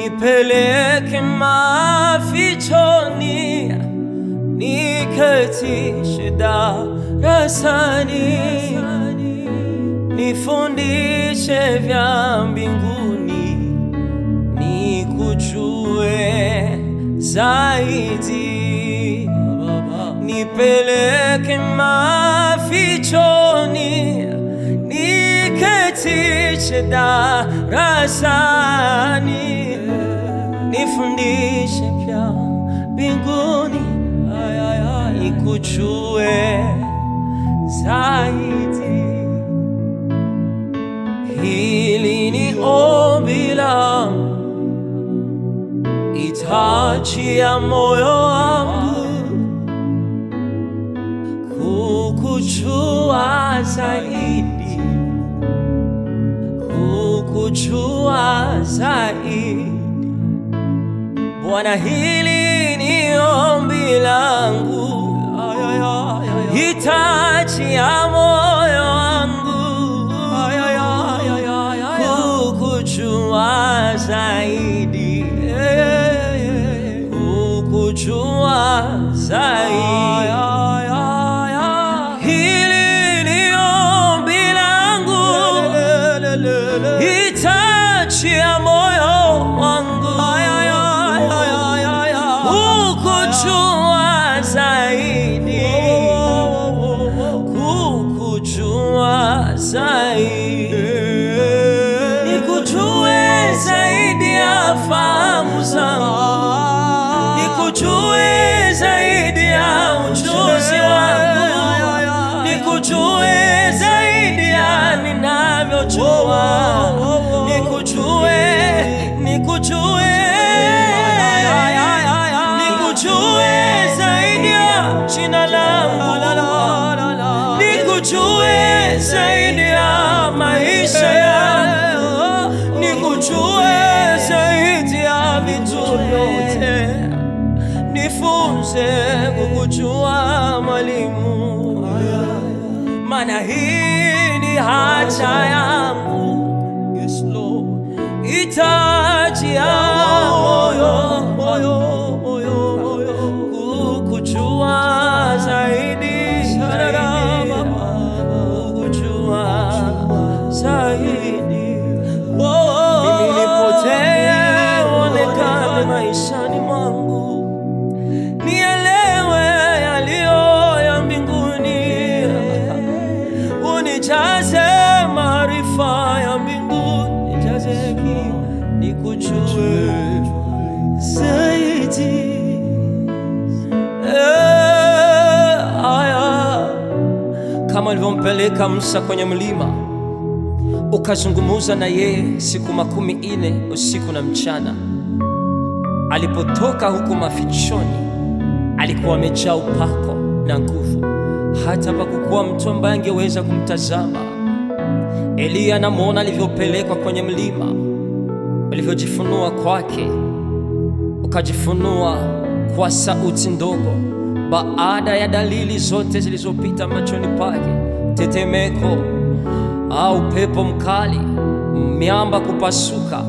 nipeleke mafichoni, niketishe darasani, nifundishe vya mbinguni, nikujue zaidi, nipeleke mafichoni Tishda rasani, nifundishe pia mbinguni, ikuchue zaidi. Hili ni ombi langu, itaji ya moyo wangu kukujua zaidi. kujua zaidi. Bwana, hili ni ombi langu, hitaji ya moyo wangu, kukujua zaidi, kukujua zaidi Itachi a moyo wangu Kukujua zaidi Kukujua zaidi ninalochua nikujue, nikujue, nikujue zaidi ya jina langu, nikujue zaidi ya maisha yangu, nikujue zaidi ya vitu vyote, nifunze kukujua mwalimu, mana hii ni hata ya maishani mwangu, nielewe yaliyo ya mbinguni, unijaze maarifa ya mbinguni, nikujue zaidi eh, kama alivyompeleka Musa kwenye mlima ukazungumuza na yeye siku makumi ine usiku na mchana. Alipotoka huko mafichoni, alikuwa amejaa upako na nguvu, hata pakukuwa mtu ambaye angeweza kumtazama. Eliya anamwona alivyopelekwa kwenye mlima, ulivyojifunua kwake, ukajifunua kwa sauti ndogo, baada ya dalili zote zilizopita machoni pake: tetemeko au pepo mkali, miamba kupasuka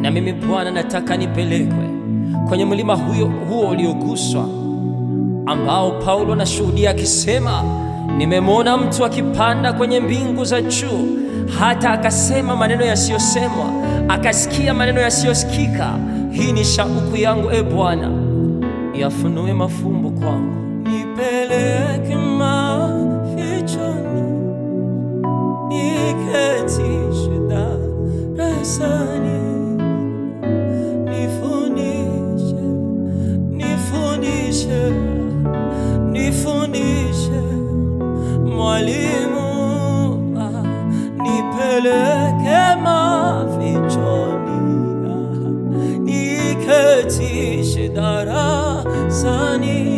na mimi Bwana nataka nipelekwe kwenye mlima huyo huo ulioguswa, ambao Paulo anashuhudia akisema, nimemwona mtu akipanda kwenye mbingu za juu, hata akasema maneno yasiyosemwa, akasikia maneno yasiyosikika. Hii ni shauku yangu, e Bwana, yafunue mafumbo kwangu, nipele Sunny.